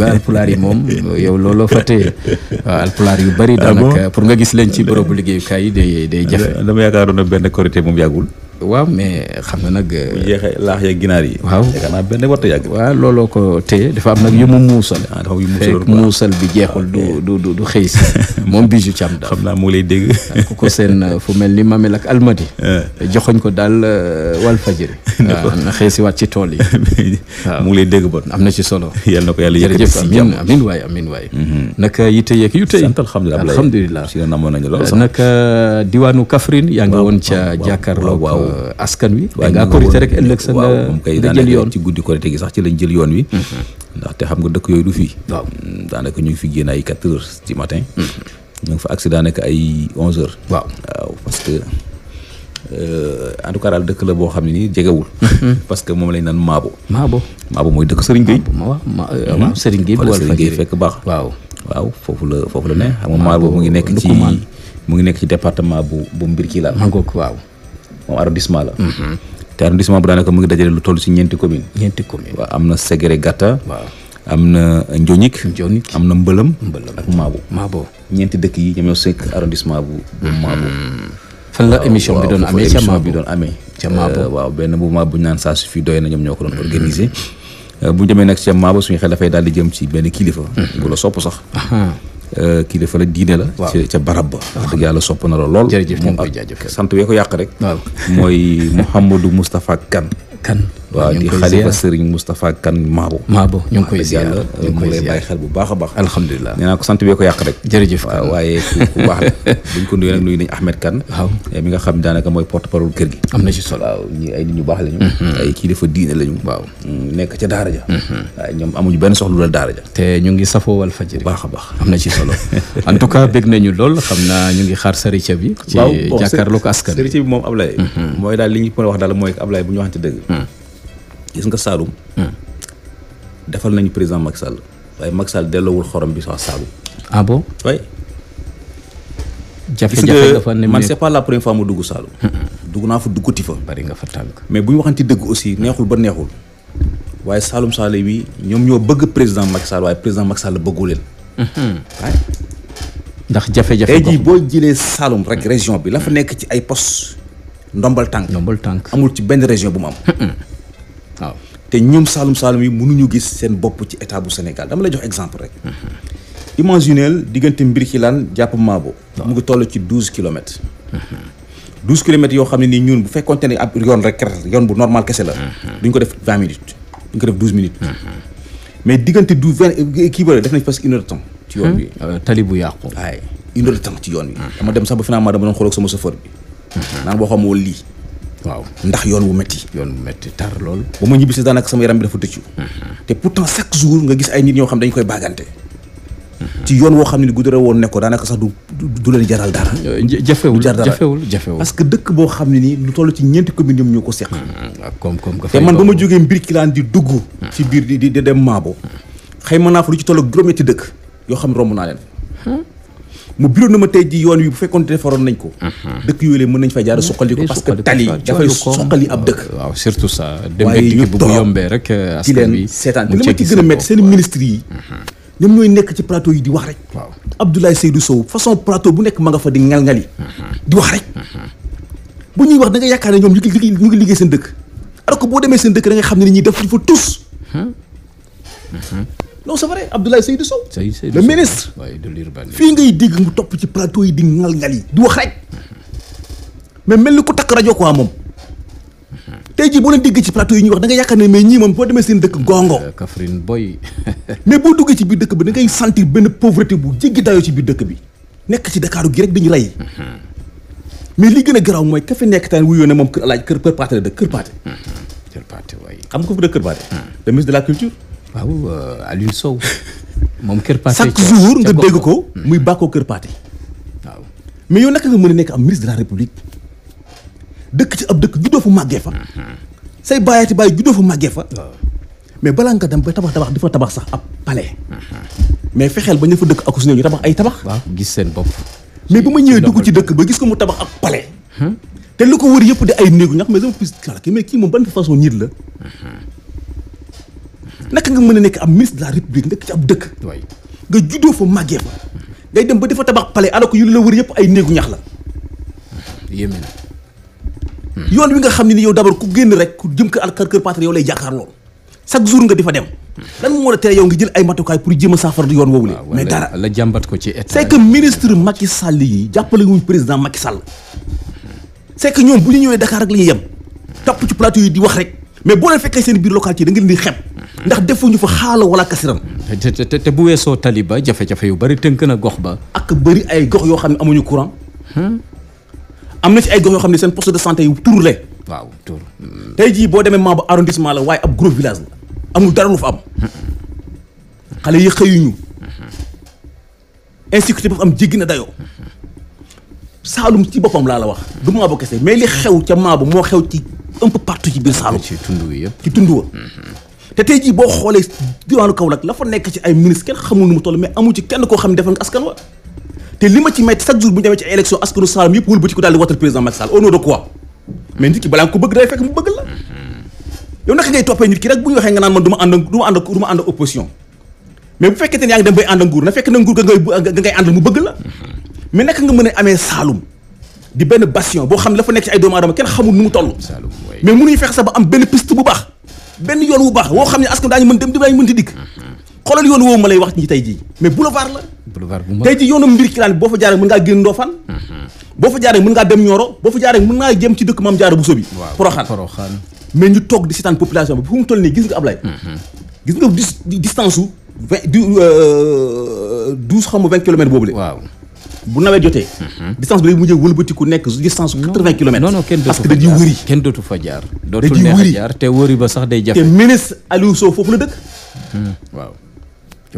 nga alpulaar yi moom yow looloo fa téye waaw yu bari ah daanaka pour nga gis leen ci bërëbu liggéeyukaay yi day day jafe dama yaakaaroon na benn korité moom yàggul waaw mais xam nga nag. bu laax yeeg ginaar yi. waaw yaakaar naa benn warta yàgg. looloo ko te dafa am nag yu mu muusal. ah dafa yu muusal muusal bi jeexul du du du xëy si. moom Bijou Thiam daal xam naa mu ngi dégg. seen fu mel ni Mamel ak Almadi. Eh. joxoñ ko daal eh, Walfadjri. waaw na xëy si waat ci tool yi. waaw mu ngi lay dégg bon. am na ci solo. yal na ko yàlla yëkkati si jàmm jërëjëf amiin amiin waay amiin waay. Mm-hmm. naka eh, yite yeeg yu tey. sant alhamdulilah alhamdulilah. si ne namoon nañu lool sax naka diwaanu kafrin yaa ngi woon ca jàkkaarloo Euh, askan wi waaye nga korité rek ëllëg sa euh, nga jël yoon ci guddi korité gi sax ci lañ jël yoon wi mhm. ndaxte xam nga dëkk yooyu du fii waaw mm, daanaka ñu fi génn ay quatre heures du matin mhm. ñu ngi fa agsi daanaka ay onze heures waaw parce que euh, en tout cas daal dëkk la boo xam ne nii jegewul mhm. parce que moom lañ naan maabo maabo maabo mooy dëkk Serigne Gueye waaw Serigne Gueye wala Serigne fekk baax waaw waaw foofu la foofu la ne xam nga maabo mu ngi nekk ci mu ngi nekk ci département bu bu mbir kii moom arrondissement la. Mm-hmm. te arrondissement bu daanaka mu ngi dajale lu toll si ñeenti commune ñeenti am na Ségéré Gatta. am na Njonik. Njonik am na Mbëlëm. Mbëlëm ak Maabo. Maabo ñeenti dëkk yi ñoom ñoo sekk arrondissement bu mm-hmm. Maabo. fan la émission bi doon amee ca bi doon amee. ca Maabo euh, waaw bu ñu naan saa su fi doy na ñoom ñoo ko doon mm-hmm. organiser. Euh, bu ñu demee nag ca Maabo suñu xel dafay daal di jëm ci benn kilifa. bu la sopp sax. Euh, kii kilifa la diine la. ca ca barab ba. wax dëgg yàlla sopp na la lool. jërëjëf sant wee ko yàq rek. waaw mooy Mouhamadou Moustapha Kane. Kane. waaw di xalifa sëriñ Moustapha Kan Maabo Maabo ñu ngi koy ziar ñu ngi koy xel bu baax a baax alhamdulilah nee naa ko sant bee ko yàq rek jërëjëf waaye ku baax la buñ ko nuyu nag nuyu nañ Ahmed Kan waaw eh, mi nga xam daanaka mooy porte parole kër gi am na ci solo ñi ay ñu baax lañu mm-hmm. ay kilifa diine lañu waaw mm, nekk ca daara ja mm-hmm. waaye ñoom amuñu benn soxla lu la daara te ñu ngi safoo wal fajiri baax a baax am na ci solo en tout cas bég nañu lool xam naa ñu ngi xaar sarica bi ci jàkkaarloo ko askan sarica bi moom mm-hmm. mooy daal li ñu mën wax daal mooy Ablaye bu ñu waxante dëgg mm. gis nga Saalum. Hmm. defal nañu président Macky Sall waaye Macky Sall delloowul xorom bi sax Saalum. ah bon oui. jafe-jafe nga fa la première fois mu dugg Saalum. Hmm, hmm. dugg naa fa dugguti fa. bari nga fa tànk. mais bu ñu waxante dëgg aussi neexul ba neexul waaye Saalum Saalum yi ñoom ñoo bëgg président Macky Sall waaye président Macky Sall bëggu leen. ndax jafe-jafe boo jëlee Saalum rek région bi la fa nekk ci ay postes ndombal tànk. ndombal tànk amul ci benn région bu mu am. waaw te ñoom saalum saalum yi mënuñu gis seen bopp ci état bu Sénégal dama lay jox exemple rek mhm. imagineel diggante mbir ci Birkilane jàpp Maabo mu ngi toll ci douze kilomètres douze kilomètres yoo xam ne nii ñun bu fekkonte ne ab yoon rek yoon bu normal kese la mhm. duñ ko def vingt minutes duñ ko def minutes mhm. mais diggante douze vingt kii bëri def nañ presque une heure temps ci yoon bi euh, tali bu yàqu waaye une temps ci yoon bi dama dem sax ba finalement dama doon xool ak sama chauffeur bi naan lii waaw ndax yoon wu métti yoon wu métti tar lool ba ma ñibbisi daanaka sama yaram bi dafa tëccu mhm. te pourtant chaque jour nga gis ay nit ñoo xam dañ koy baagante mhm. ci yoon woo xam ne guddare woon ne ko daanaka sax du du leen jaral dara euh, jafewul jafewul jafewul parce que dëkk boo xam ne nii lu toll ci ñeenti commune ñoom ñoo ko seq mhm, te man ba ma jógee mbir kilaan di dugg ci biir di di dem maabo xëy mën naa fa lu ci tollu juróom-ñetti dëkk yoo xam ne romb naa leen mu biro na ma tey ji yoon wi bu fekkoon defaroon nañ ko mhm. dëkk yooyu mën nañ fa jaar suqali ko parce que tali dafay suqali ab dëkk waaw surtout ça dem dikk rek askan bi di leen seetaan te gën a métti seen ministre yi mhm. ñoom ñooy nekk ci plateau yi di wax rek waaw Abdoulaye Sow façon plateau bu nekk ma nga fa di ngal-ngali mhm. di wax rek bu ñuy wax da nga yaakaar ne ñoom ñu ngi ñu ngi liggéey seen dëkk alors que boo demee seen dëkk da nga xam ne ni ñuy def fa tous non c'est vrai Abdoulaye Seydou Sow. Seydou Sow le ministre. fii ngay dégg mu topp ci plateau yi di ngal-ngal yi. du wax rek mais mel ni ku takk rajo quoi moom tey jii boo leen dégg ci plateau yi ñuy wax da nga yaakaar ne mais ñii moom boo demee seen dëkk gongo. Euh, Kaffrine boy. mais boo duggee ci biir dëkk bi da ngay sentir benn pauvreté bu jéggi dayoo ci biir dëkk bi nekk ci Dakar gi rek dañu rey. Mhm. mais li gën a garaaw mooy ka fi nekk taan wuyoo ne moom kër alaaj kër kër la dëkk kër paate. Mhm. kër paate waay xam nga kër paate. Mhm. le la culture. waaw euh, Aliou Sow. moom Kër Pathé chaque jour nga dégg ko mm-hmm. muy bàkkoo Kër Pathé. mais yow naka nga mën a nekk am ministre de la république dëkk ci ab dëkk juddoo fa màggee fa. Mm-hmm. say ti bàyyi juddoo fu màggee fa. mais balaa nga dem ba tabax tabax dafa tabax sax ab palais. Mm-hmm. mais fexeel ba ñu fa dëkk ak suñu ñu tabax ay tabax. gis seen bopp. mais ba ma ñëwee dugg ci dëkk ba gis ko mu tabax ab palais. Hmm? te lu ko wër yëpp di ay néegu ñax mais dama pis kii mais kii moom ban façon nit la. Hmm. naka nga mën a nekk am ministre de la république nekk ci ab dëkk. nga juddoo fa màggee fa. ngay dem ba dafa tabax palais alors que yu la wër yëpp ay néegu ñax la. yéeme na. Hmm. yoon wi nga xam ne ni yow d'abord ku génn rek ku jëm kër alkar kër patri yow lay jàkkaarloo chaque jour nga di fa dem. Hmm. lan moo la tere yow nga jël ay matukaay pour jéem a saafara yoon woowu ah, la. mais dara la jàmbat ko ci état c'est que ministre Macky Sall yi jàppale wuñ président Macky Sall. Hmm. c'est que ñoom bu ñu ñëwee Dakar rek la ñuy yem topp ci plateau yi di wax rek mais boo leen fekkee seen biir localité da ngeen di xeeb ndax defuñu fa xaala wala kasiram te te bu weesoo taliba jafe-jafe yu bari tënk na gox ba ak bëri ay gox yoo xam ne amuñu courant hmm? am na ci ay gox yoo xam ne seen poste de santé yu tur le waaw tur tey jii boo demee Maba arrondissement la waaye ab gros village la amul dara lu fa am xale yi xëyuñu insécurité boobu am jéggi na dayoo Saalum ci boppam laa la wax du Maba kese mais li xew ca Maba moo xew ci un peu partout ci biir Saloum. ci tund wi yëpp wa. Mhm. te tey jii boo xoolee diwaanu Kaolack la fa nekk ci ay ministres kenn xamul nu mu toll mais amu ci kenn koo xam ne defal nga askan wa. te li ma ci metti chaque jour bu ñu ci ay élection askanu Saloum yëpp wëlbati ko daal di watal président Macky Sall au nom de quoi. mais nit ki balaa nga ko bëgg day fekk mu bëgg la. Mhm. yow naka ngay toppee nit ki rek bu ñu waxee nga naan man du ànd ak du ànd ak du na fekk mhm. amee Saloum di benn bastion boo xam ne dafa nekk ci ay doomu aadama kenn xamul nu mu toll mais mënuñu fexe sax ba am benn piste bu baax benn yoon wu baax woo xam ne askan daañu mën dem daañu mën di dikk mm-hmm. xoolal yoon woowu ma lay wax tey jii yoonu mbir kilaan boo fa jaaree mën ngaa génn Ndofane mm-hmm. boo fa jaaree mën dem Nioro boo fa jaaree mën ngaa jëm ci dëkk Maam Jaara Buso bi Poroxaan mais ñu toog di seetaan population bi fu mu toll nii gis nga Ablaye mm-hmm. gis nga distance wu vingt euh, xam nga vingt kilomètres boobu le waaw bu nawet jotee. Mhm. distance bi day mujjee wëlbatiku nekk distance quatre-vingts kilomètres. non non kenn dootu fa kenn dootu fa jaar. dootul neex a te wëri ba sax day jafe. te ministre Aliou Sow foofu la dëkk. Hmm, waaw.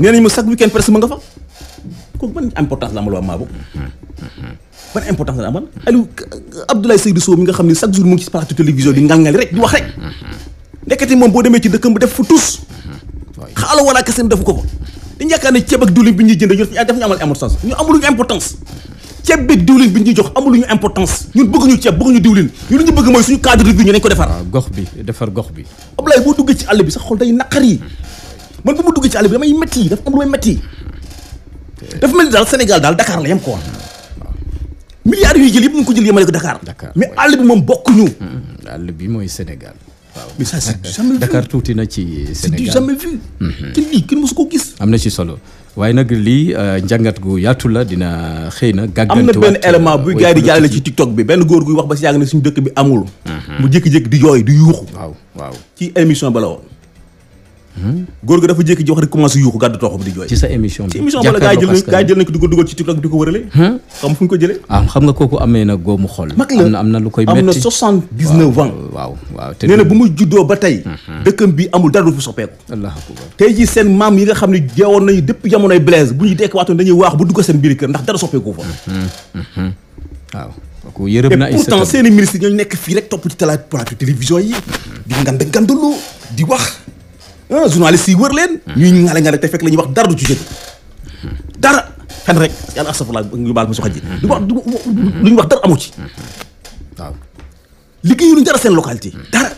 nee nañu ma chaque week-end presque ma nga fa. kooku ban importance la amal waa Mabo. Hmm, hmm, ban importance la amal. Aliou Abdoulaye Seydou Sow mi nga xam ne chaque jour mu ngi ci plateau télévision di ngal-ngal rek di wax rek. ndekete moom boo demee ci dëkkam bu def fu tus. xaaral wala kese def ko. dañu ne ceeb ak diwlin bi ñuy jënd ñu daf ñu amal importance ñu amuluñu bi ñuy jox amuluñu importance ñun bëgguñu ceeb bëgguñu diwlin ñun li ñu bëgg mooy suñu cadre de ko defar gox bi defar gox bi Ablaye boo duggee ci àll bi sax xol day naqar yi man bu ma duggee ci àll bi damay métti yi dafa am lu may métti yi dafa mel daal Sénégal daal dakaar la yem ko woon milliards yuy jël yëpp ñu ngi ko jël yemale ko Dakar mais àll bi moom bokkuñu mm-hmm. àll bi mooy Sénégal mais ça c'est jamais vu Dakar tuuti na ci Sénégal c'est mhm. lii kenn mosu ko gis. am na ci solo waaye nag lii euh, njàngat gu yaatu la dina xëy na. gàggante am na benn élément buy euh, gars yi di jàllale ci TikTok bi benn góor guy wax ba si yàgg ne suñu dëkk bi amul. Mhm. mu jékki-jékki di yooy di yuuxu. waaw waaw ci émission ba la woon. góor ga dafa jékki ji wax rek commencé yuuxu gàddu tooxam di jooy ci sa émission bi ci émission wala ko di ko ci TikTok di ko wërale xam fu ko jëlee ah na góomu am na lu koy metti am na soixante-dix-neuf ans waaw waaw nee na bu bi amul dara lu fi tey ji seen maam yi nga xam ne jeewoon nañu depuis jamonoy Blaise bu ñuy dekk waatoon dañuy waax bu dugg seen biir kër ndax dara soppeeku fa waaw kooku yërëm na ay pourtant seeni ministre ñooñu nekk fii rek topp ci télé plateau télévision yi di ngand ngandulu di wax journaliste yi wër leen. Hmm. ñuy ngale ngale te fekk la ñuy wax dara du ci hmm. dara fen rek yàlla astafurlah ñu baal ma soxal ji. lu wax lu ñu wax dara amu ci. Hmm. waaw liggéeyu lu dara seen localité. dara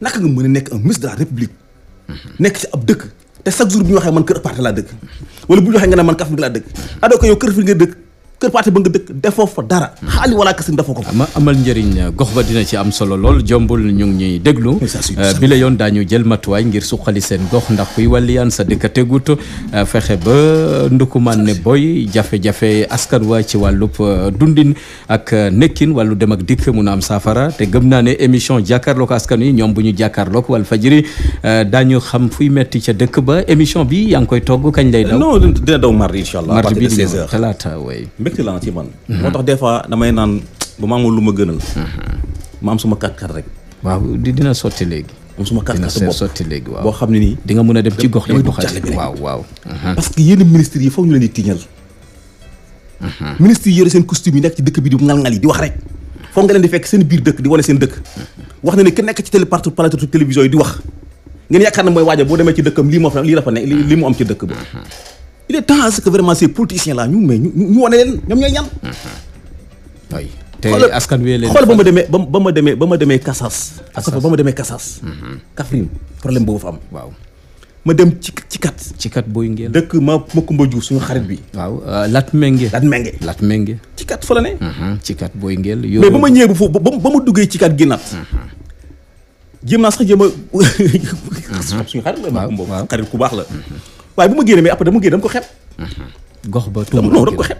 naka nga mën a nekk un ministre de la république. nekk ci ab dëkk. te chaque jour bu ñu waxee man kër parti laa dëkk. wala bu ñu waxee nga ne man Kaffrine laa dëkk. adoo ah, ko yow kër fi nga dëkk. kër parti ba nga dëkk defoo fa dara hmm. xaali wala kasin defoo amal njariñ euh, gox ba dina ci am solo lool jombul ñu ngi ñuy déglu euh, bi la yoon daañu jël matuwaay ngir suqali seen gox ndax kuy wàlliyaan sa dëkk tegut euh, fexe ba ndukumaan ne boy jafe-jafe askan waa ci wàllub dundin ak nekkin wallu dem ak dikk mun am saafara te gëm naa ne émission jàkkaarloog askan wi ñoom bu ñu jàkkaarloog wal fajiri daañu xam fuy metti ca dëkk ba émission bi yaa ngi koy togg kañ lay daw non dina daw mardi mbégte la ci man. moo tax des fois damay naan bu ma di dina sotti léegi. am suma kàttan bopp dina sotti léegi ne nii. di nga mën a dem ci yi doxali waaw waaw. Uh-huh. parce que yenn ministres yi foog ñu leen di tiñal. Uh-huh. ministres yi yore seen costume yi nekk ci dëkk bi di ngal-ngal yi di wax rek. foog nga leen di fekk seen biir dëkk di wane seen dëkk. Uh-huh. wax na ne ki nekk ci télé partout plateau télévision yi di wax. ngeen yaakaar na mooy waaja boo demee ci dëkkam lii moo fa lii la fa lii mu am ci dëkk bi il est temps à ce que vraiment ces politiciens là ñu mais mm-hmm. askan wi leen ba ma demee ba ba ma demee ba ma demee Kassas. Kassas ba ma demee Kassas. Mm-hmm. Kaffrine problème boobu fa am. waaw ma dem ci ci kat. ci kat booy ngeen. dëkk ma Makumba Diouf suñu xarit bi. waaw euh, Lat Menge. Lat Menge Lat Menge. ci kat fa la ne. Mm-hmm. ci kat booy ngeen. yow mais ba ma ñëwee bu foofu ba ba ma duggee ci kat ginnaat. jéem naa sax jéem a. suñu xarit la Makumba xarit ku baax la. waaye bu ma génnee mais après dama génne dama ko xeeb. Mhm. gox ba tuuma non dama ko xeeb.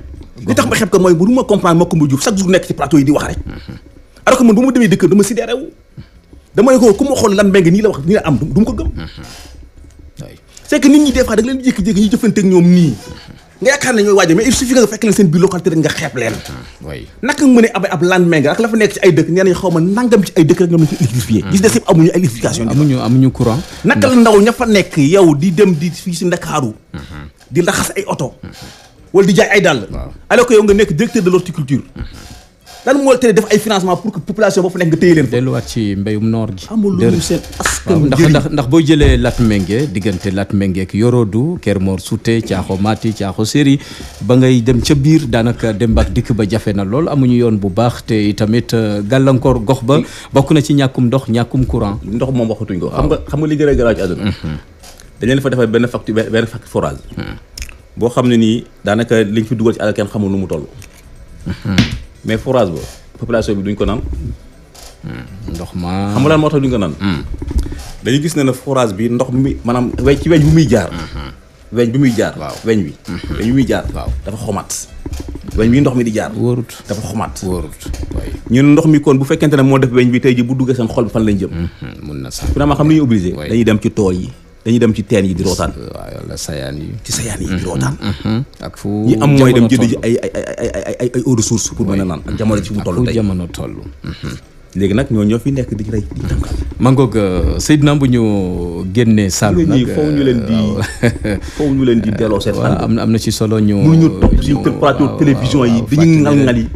li tax ma xeeb ko mooy bu ma comprendre Macoumba Diouf chaque jour nekk ci plateau yi di wax rek. Mhm. alors que man bu ma demee dëkk dama sidéré wu. dama ne ko ku ma xool lan mbeng nii la wax nii la am du ma ko gëm. Mhm. c'est que nit ñi dee fois da nga leen jékki-jékki ñu jëfante ak ñoom nii nga yaakaar ne ñooy waajo mais il suffit que nga fekk leen seen biir localité rek nga xeeb leen ah, naka nga mën abe ab lendemain nga ak la fa nekk ci ay dëkk nee nañ xaw ma nangam ci ay dëkk rek ñoom lañ ci électrifié ah. gis des yëpp amuñu ay électrification amuñu amuñu courant naka la ndaw nekk yow di dem di fii si Ndakaaru mhm. di laxas ay oto wala di jaay ay dàll alors que yow nga nekk directeur de l'horticulture mhm. lan moo tere def ay financement pour que population boobu nekk nga téye fa. delluwaat mbéyum noor gi. amul lu ñu seen ndax ndax boo jëlee Latmingué diggante Latmingué ak Yorodu Kër Mor Souté Caaxo Mati Caaxo Séri ba ngay dem ca biir daanaka dem ba dikk ba jafe na lool amuñu yoon bu baax te tamit euh, gàllankoor gox ba bokk na ci ñàkkum ndox ñàkkum courant. ndox moom waxatuñ ko. nga xam nga li gën a garaaw ci àdduna. Mhm. dañ leen fa defal benn facture benn facture forage. Mhm. boo xam ne nii daanaka liñ fi dugal ci àll kenn xamul nu mu toll. Mhm. mais forage ba population bi duñ ko naan. Hmm, ndox ma xam nga lan moo tax duñ ko naan. Hmm. dañuy gis ne ne forage bi ndox mi maanaam weñ ci weñ bu muy jaar. Hmm. weñ bi muy jaar. waaw weñ bi weñ bi muy jaar. waaw dafa xomaat. weñ wi ndox mi di jaar. wóorut dafa xomaat. ñu ñun ndox mi kon bu fekkente ne moo def weñ bi tey ji bu duggee seen xol bi fan lañ jëm. mun na sax vraiment xam nañu obligé. dañuy dem ci tool yi. dañuy dem ci teen yi di rootaan. sayaan yi. ci sayaan yi di mm-hmm. Mm-hmm. ak fu ñi am mooy dem ay ay ay pour mën a mm-hmm. jamono ji fi mu toll tey jamono léegi nag ñoo ñoo fi nekk di rey di tàngal. maa ngi euh, bu ñu génnee. Saalum nag foofu ñu leen di euh, foofu am na am na ci solo ñu. mu ñu topp ci plateau télévision yi dañuy ngal ngal yi.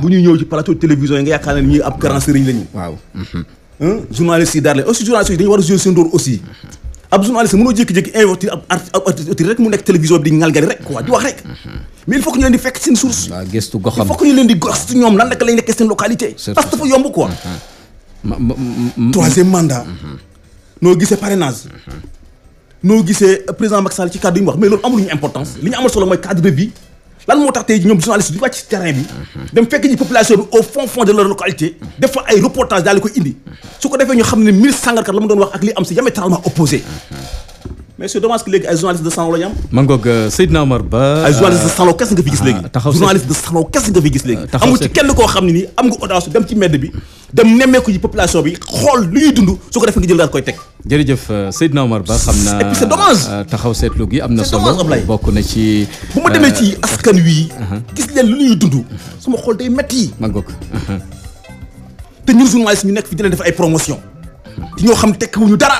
bu ñu ñëw ci plateau télévision yi nga yaakaar ne ñii ab grand sëriñ lañu. waaw. journaliste yi daal aussi journaliste yi a jouer seen rôle aussi ab journaliste mënoo jékki-jékki invité ab artiste rek mu nekk télévision bi di ngalgari rek quoi di wax fekk source il faut que leen di gëstu ñoom lan naka lañ nekkee localité parce que yomb quoi mm-hmm. troisième mandat mm-hmm. noo gise parrainage mm-hmm. noo gisee président Macky Sall ci cadre yi mu wax mais loolu amul ñu importance li ñu amal solo mooy cadre de vie lan moo tax tey ñoom journaliste duñu wàcc ci terrain bi mhm. dem fekk ji population bi au fond fond de leur localité def ay reportage daal koy indi su ko defee ñu xam ne mille sangarkat la mu wax ak li am c'est diamétralement opposé mhm. mais c'est dommage que léegi ay journaliste de salon la ñu am. man goog euh, Seydina Omar Ba. ay journaliste de euh, salon ah, kese nga fi gis léegi. taxaw journaliste de salon kese nga fi gis léegi. amul ci kenn koo xam ne nii am nga audace dem ci medd bi dem nemmeeku ci population bi xool lu ñuy dund su ko defee nga jël daal koy teg. jërëjëf euh, Seydina Omar ma uh-huh. xool day metti. man goog. Uh-huh. te ñun journaliste ñu nekk fi di leen def ay promotion. ñoo xam tekkiwuñu dara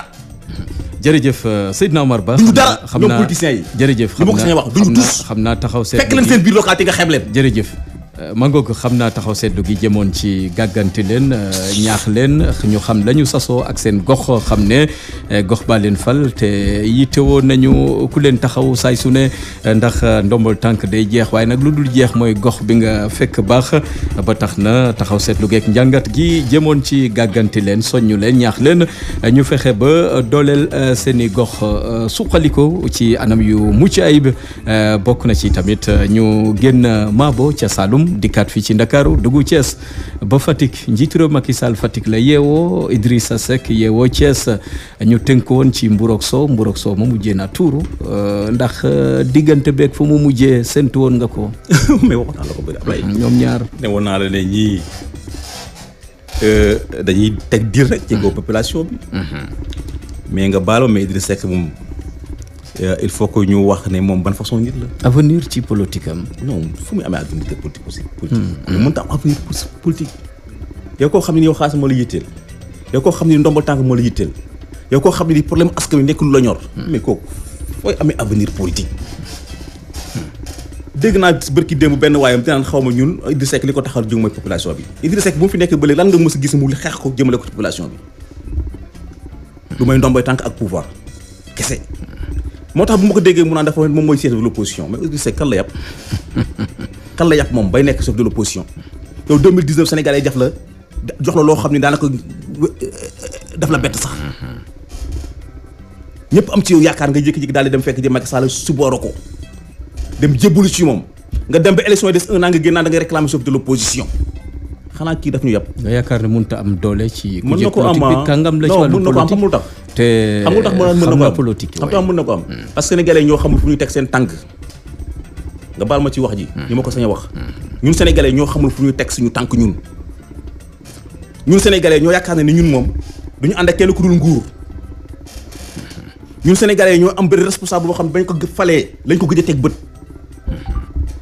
jërëjëf euh, Seydina Omar Ba. duñu dara ñoom politiciens yi. jërëjëf xam naa jërëjëf xam naa taxaw seet. fekk leen seen biir localité nga xeeb leen jërëjëf. mangoog xam naa taxaw seetlu gi jëmoon ci gàggante leen euh, ñaax leen ñu xam la sasoo ak seen gox xam ne euh, gox baaleen leen fal te yittewoo nañu ku leen taxaw saay su ne euh, ndax ndombal tànk day jeex waaye nag lu dul jeex mooy gox bi nga fekk baax ba tax na taxaw seetlu geeg njàngat gi jëmoon ci gàgganti leen soññu leen ñaax leen ñu fexe ba dooleel seen i gox suqaliko ci anam yu mucc ayib bokk na ci tamit ñu génn maabo ca Saalum Matam dikkaat fii ci Ndakaaru dugg Thiès ba Fatick njiitu réew Macky Sall Fatick la yeewoo Idrissa Seck yeewoo Thiès ñu tënk woon ci Mburok Sow Mburok Sow ma mujjee naa tuuru euh, ndax euh, diggante beeg fu mu mujjee séntu woon nga ko. Mm, ñoom ñaar ne woon naa la ne ñii euh, dañuy teg diir rek. ci kaw mm-hmm. bi. Mm-hmm. mais nga baalo mais Idrissa Seck moom. Euh, il faut que ñu wax ne moom ban façon nit la. avenir ci politique am. non muy amee avenir te aussi. Hmm. politique mu mënta am avenir politique. yow koo xam ne yow xaalis moo la yitteel yow koo xam ne ndombal tànk moo la yitteel yow koo xam ni ne problème askan wi nekk lu la ñor. Hmm. mais kooku fooy amee avenir politique. Hmm. dégg naa bërki démb benn waayam dinaan xaw ma ñun Idrissa li ko taxal jóg mooy population bi Idrissa Seck bu mu fi nekk ba léegi lan nga mës a gis mu xeex ko jëmale ko population bi. lu may ndomboy tànk ak pouvoir kese. moo tax bu ma ko déggee mu naan dafa moom mooy chef de l'opposition mais Idrissa Seck kan la yàpp kan la yàpp moom bay nekk chef de l'opposition yow 2019 Sénégalais jaf la jox la loo xam ne daanaka def la bett sax ñëpp am ci yow yaakaar nga jékki-jékki daal di dem fekk ji Macky Sall subooro ko dem jébbalu ci moom nga dem ba élection yi des un an nga génn da ngay réclamer chef de l'opposition xanaa kii daf ñu yàpp nga yaakaar ne mënut a am doole ci ah. mën na ko am kàngam la ci wàllu politique non mën na ko am tax te tax mën na ko am politique tax mën na ko am parce que sénégalais ñoo xamul fu ñuy teg seen tànk nga baal ma ci wax ji hmm. ni ma ko sañ a wax hmm. ñun sénégalais ñoo xamul fu ñuy teg suñu tànk ñun ñun sénégalais ñoo yaakaar ne ni ñun moom du ñu ànd ak kenn ku dul nguur ñun sénégalais ñoo am benn responsable boo xam ne bañ ko falee lañ ko gëj teg bët hmm.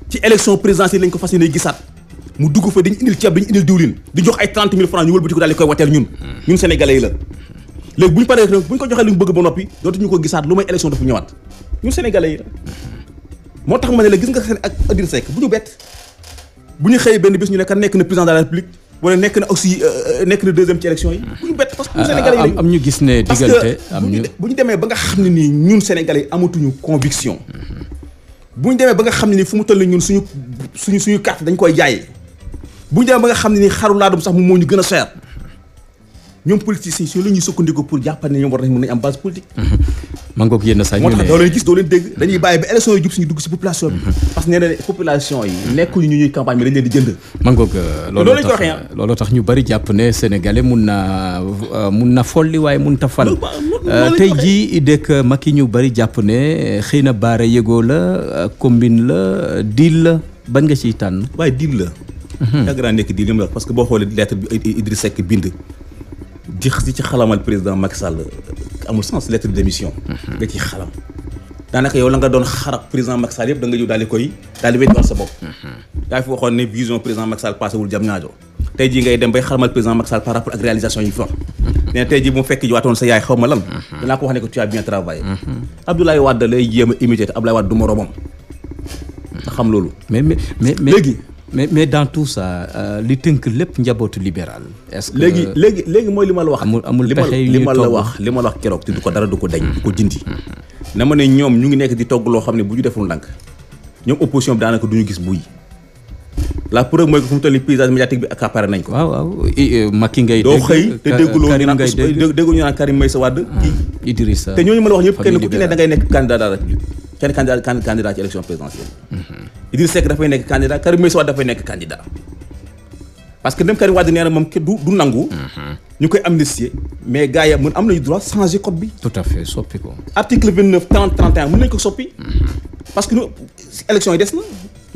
ci élection présidentielle lañ ko fas yéene gisaat mu dugg fa dañu indil ceeb dañu indil diwlin di jox ay 30 000 francs di koy wateel ñun ñun sénégalais yi la léegi bu ñu paree bu ñu ko joxee ñu bëgg ba noppi dootuñu ko gisaat lu may élection dafa ñëwaat ñun moo tax ma ne la gis nga seen ak Idrissa Seck bu ñu bett bu ñu xëyee benn bis ñu ne nekk na président de la république wala nekk na aussi euh, euh, nekk na deuxième ci élection yi bu ñu bett parce que ñun sénégalais yi ah, ah, am ñu gis ne diggante am ñu bu ñu demee ba nga xam ne nii ñun sénégalais yi amatuñu conviction mm-hmm. bu ñu demee ba nga xam ne nii fu mu toll ñun suñu suñu suñu carte dañ koy jaaye bu ñu ba nga xam ne ni xaru laadum sax moom moo ñu gën a seer ñoom politiciens si la ñuy sukkandiku pour jàppal ne ñoom war nañ mën nañ am base politique man ko yenn saa ñu ne moo tax doo leen gis doo leen dégg dañuy bàyyi ba élection yi jub suñu dugg si population bi mhm. parce que nee na population yi nekkuñu ñu ñuy campagne bi dañ di jënd man ko euh, loolu tax ah. loolu tax ñu bari jàpp ne sénégalais mun na euh, mun na folli waaye mun ta fal euh, tey jii dëkk Macky ñu bari jàpp ne xëy na baara yëgoo la combine la deal la ban nga ciy tànn waaye deal la Mm-hmm. yàgg naa nekk di li mu wax parce que boo xalamal président Macky Sall mm-hmm. la nga doon xarab président Macky Sall yëpp da nga ñëw daal di mm-hmm. wul jam ñaajo tey jii ngay dem bay xalamal président Macky par rapport ak réalisation yi fa nee tey jii bu mu fekk ji waatoon sa yaay xaw ma lan danaa ko wax ne ko tu as bien travaillé Abdoulaye Wade lay jéem a imité te Abdoulaye Wade du moroomam nga xam loolu mais mais mais léegi mais mais dans tout ça euh, li tënk lépp njabootu liberal est léegi léegi léegi mooy li ma la wax. amul amul pexe li ma la wax li ma wax keroog te du ko dara du ko deñ du ko dindi. na ma ne ñoom ñu ngi nekk di togg loo xam ne bu ñu deful ndànk ñoom opposition bi daanaka du ñu gis buy. la preuve mooy que fu mu toll nii paysage médiatique bi accaparé nañ ko. waaw ngay. doo xëy te dégguloo ñu naan déggu ñu naan Karim Meïssa Wade. Mm. Idrissa te ma la wax ñëpp kenn ku ci ne dangay nekk candidat daal kenn candidat candidat ci élection présidentielle. Mm-hmm. Idriss Seck dafay nekk candidat Karim Meïssa Wade dafay nekk candidat. parce que dem Karim Wade nee na moom kenn du du nangu. Mm-hmm. bi. tout à fait soppi ko. article vingt neuf trente trente et soppi. Mm-hmm. parce que élection yi des na.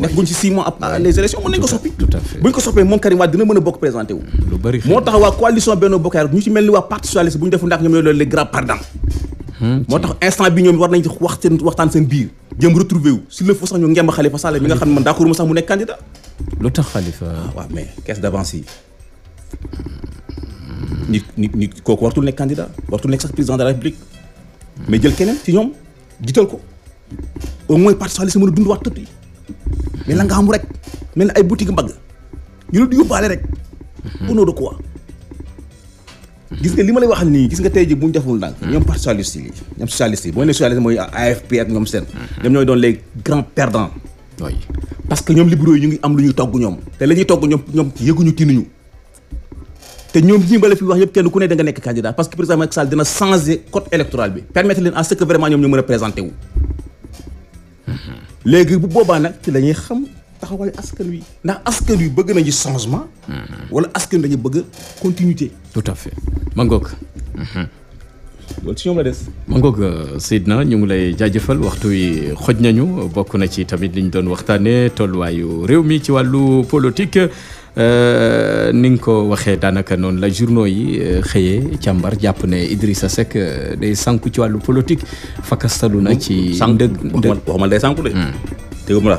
nekk guñ ci six mois les élections moom Karim Wade mën a bokk présenté moo tax waa coalition Benno Bokk Yaakaar ñu ci mel ni waa parti socialiste bu ñu defu ndax ñoom ñooy loolu les grands moo tax instant bi ñoom war nañ wax seen waxtaan seen biir jëm retrouver wu s'il le faut sax ñu ngemb Khalifa Sall mi nga xam ne man d'accord ma sax mu nekk candidat lu tax Khalifa ah, waaw mais caisse d'avance yi nit nit nit kooku wartul nekk candidat wartul nekk sax président de la république mais jël keneen ci ñoom jiital ko au moins parti socialiste mën a dund waat tëdd mais la nga xam rek mel ni ay boutique mbagg ñu la di yóbbaale rek gis nga li ma lay wax nii gis nga tey ji bu ñu deful ndànk hmm. ñoom parti socialiste ñoom socialiste yi boo nee socialiste mooy AFP ak ñoom seen hmm. ñoom ñooy doon les grands perdants parce que ñoom libéraux yi ñu ngi am lu ñuy togg ñoom te la ñuy togg ñoom ñoom yëguñu tinuñu te ñoom ñi bala fi wax yëpp kenn ku ne da nga nekk candidat parce que président Macky Sall dina changer code électoral bi permettre leen a ce que vraiment ñoom ñu mën a présenté taxawal askan wi ndax askan wi bëgg nañu changement. Mhm. wala askan wi dañu bëgg continuité. tout à fait mangook mhm. loolu si ñoom la euh, ñu ngi lay jaajëfal waxtu wi xoj nañu bokk na ci tamit li doon waxtaanee tolluwaayu réew mi ci wàllu politique. Euh, ni nga ko waxee daanaka noonu la journaux yi euh, xëyee càmbar jàpp ne a Seck day sànku ci wàllu politique fakastalu na ci. sànku waxuma waxuma day sànku de. Hmm. dégg nga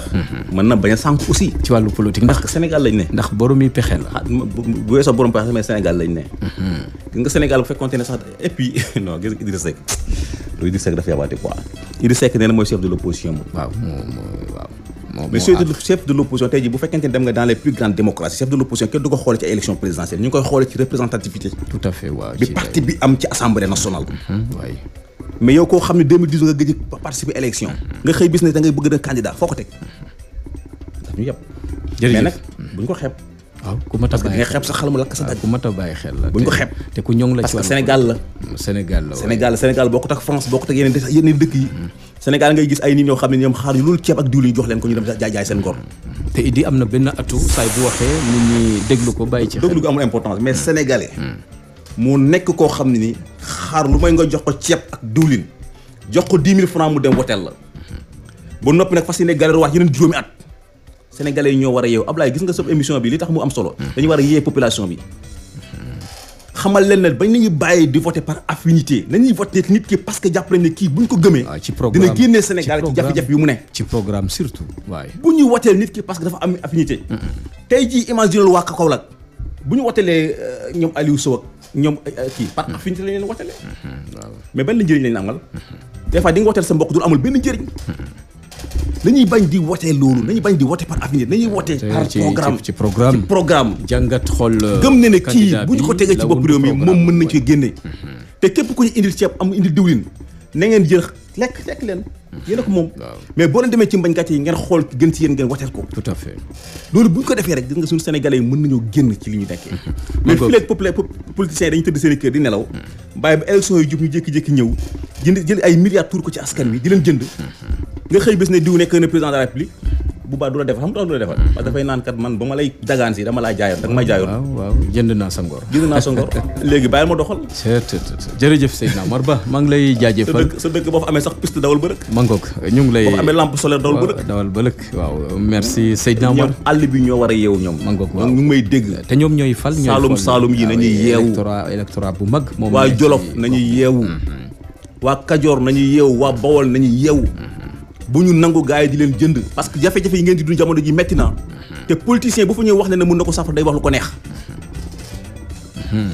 mu wax. na bañ a sànq aussi. ci wàllu politique ndax Sénégal lañ ne. ndax borom yi pexe la. Ah, bu weesoo borom pexe mais Sénégal lañ ne. Mhm. nga Sénégal bu fekkoonte ne dem nga dans les plus grandes démocraties chef de l' kenn du ko xoolee ci ay élection présidentielle ñu koy xoolee ci représentativité. bi parti bi am ci assemblée nationale. Mhm, mais yow koo xam ne 2010 nga gëj a participer élection nga xëy bis ne da bëgg na candidat foo ko teg daf ñu yàpp mais nag buñ ko xeeb waaw mat a bàyyi xel parce que nga xeeb sa xel mat a bàyyi xel la buñ ko xeeb. te ku ñoŋ la ci parce que Sénégal la. Sénégal la Sénégal Sénégal bokkut ak France bokkut ak yeneen yeneen dëkk yi. Sénégal ngay gis ay nit ñoo xam ne ñoom xaar yu loolu ceeb ak diwlin jox leen ko ñu dem jaay jaay seen ngor. te Idi am na benn atu saay bu waxee nit ñi déglu ko bàyyi ci xel. déglu amul importance mais sénégalais. Hmm. moo nekk koo xam ne ni xaar lu may nga jox ko ceeb ak diwlin jox ko dix mille francs mu dem woteel la ba noppi nag fas yéene galère waat yeneen juróomi at sénégalais yi ñoo war a yeewu Ablaye gis nga sa émission bi li tax mu am solo hmm. dañu war a yee population bi hmm. xamal leen ne bañ nañu bàyyi di voter par affinité nañuy voter nit ki parce que jàpp nañ ne kii buñ ko gëmee ah, dina génnee Sénégal ci jafe-jafe yu mu ne ci programme surtout waaye bu ñu woteel nit ki parce que dafa am affinité hmm. tey jii imagine lu waa Kaolack bu ñu wotelee euh, ñoom Aliou Sow ñoom kii par affinité lañ leen wotele mm-hmm. mais benn njëriñ lañ amal mm-hmm. des fois di nga woteel sa mbokk du amul benn njëriñ nañuy mm-hmm. bañ di wotee loolu nañuy bañ di wote par affinité nañuy wote par programme ci programme programme jàngat xool euh, gëm ne ne kii bu ñu ko tegee ci bopp réew mi moom mën nañ ko génne te képp ku ñu indil ceeb am indil diwlin na ngeen jël lekk lekk leen hmm. yéen a ko moom mais boo leen demee ci mbañ gàcce yi ngeen xool gën ci yéen ngeen wateel ko à fait loolu bu ko defee rek gis nga suñu sénégalais yi mën nañoo génn ci li ñu nekkee hmm. mais fii léegi populaire politiciens yi dañuy tëdd seen kër di nelaw hmm. bàyyi ba élection yi jub ñu jékki-jékki ñëw jënd jël ay milliards tuur ko ci askan wi di leen jënd nga xëy bés ne diw nekk na président de la bu baax du la defal xam nga du la defal mhm. parce dafay naan man ba ma lay dagaan si dama laa jaayoon danga may jaayoon waaw waaw jënd naa sa ngor jënd naa sa ngor ma doxal jërëjëf Seydina Omar Ba maa ngi lay jaajëfal sa dëkk boo amee sax piste dawal bëlëk ma ngoog ñu ngi lay boo fa amee lampe solaire dawal bëlëk dawal bëlëk waaw merci Seydina àll bi ñoo war a yeewu ñoom ma ngoog waaw may dégg te ñoom ñooy fal saalum saalum yi ah nañuy yeewu électorat électorat bu mag moom waa Jolof nañuy yeewu mhm. waa Kajoor nañuy yeewu waa Bawol nañuy yeewu mhm. bu ñu nangu gars yi di leen jënd parce que jafe-jafe yi ngeen di dund jamono ji metti na mhm. te politicien bu fa ñëw wax ne ne mën na ko safar day wax lu ko neex mhm.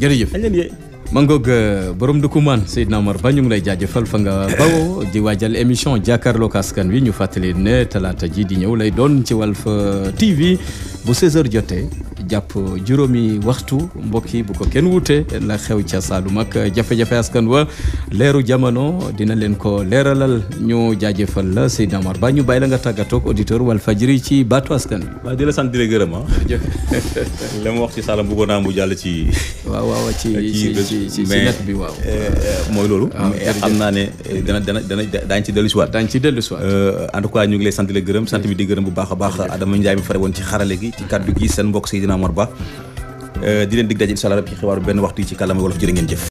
jërëjëf dañ leen yee mangoog euh, borom dëkku maan Seydina Omar Ba ñu ngi lay jaajëfal fa nga bawoo di waajal émission jàkkaarloo kan wi ñu fàttali ne talaata ji di ñëw lay doon ci Walf euh, TV bu 16h jotee jàpp juróomi waxtu mbokk yi bu ko kenn wuute la xew ca Saalum ak jafe-jafe askan wa leeru jamono dina leen ko leeralal ñu jaajëfal la Seydina Omar Ba ñu bàyyi la nga tàggatoog auditeur Walfadjri ci baatu askan wi. waaw di la sant di la gërëm ah. wax ci Saalum bëggoon naa mu jàll ci. waaw waaw ci ci ci ci bi waaw. Eh, eh, mooy loolu. Ah, xam naa ne eh, dana dana dana daañu ci dellusiwaat. daañu ci dellusiwaat. en tout cas ñu ngi lay sant gërëm sant bi di gërëm bu baax a baax Adama Ndiaye mi fare woon ci xarale gi ci kaddu gi seen mbokk Seydina Seydina Ba euh, di leen dig daje incha allah rabbi xibaaru benn waxtu ci kàllaama wolof jërë ngeen jëf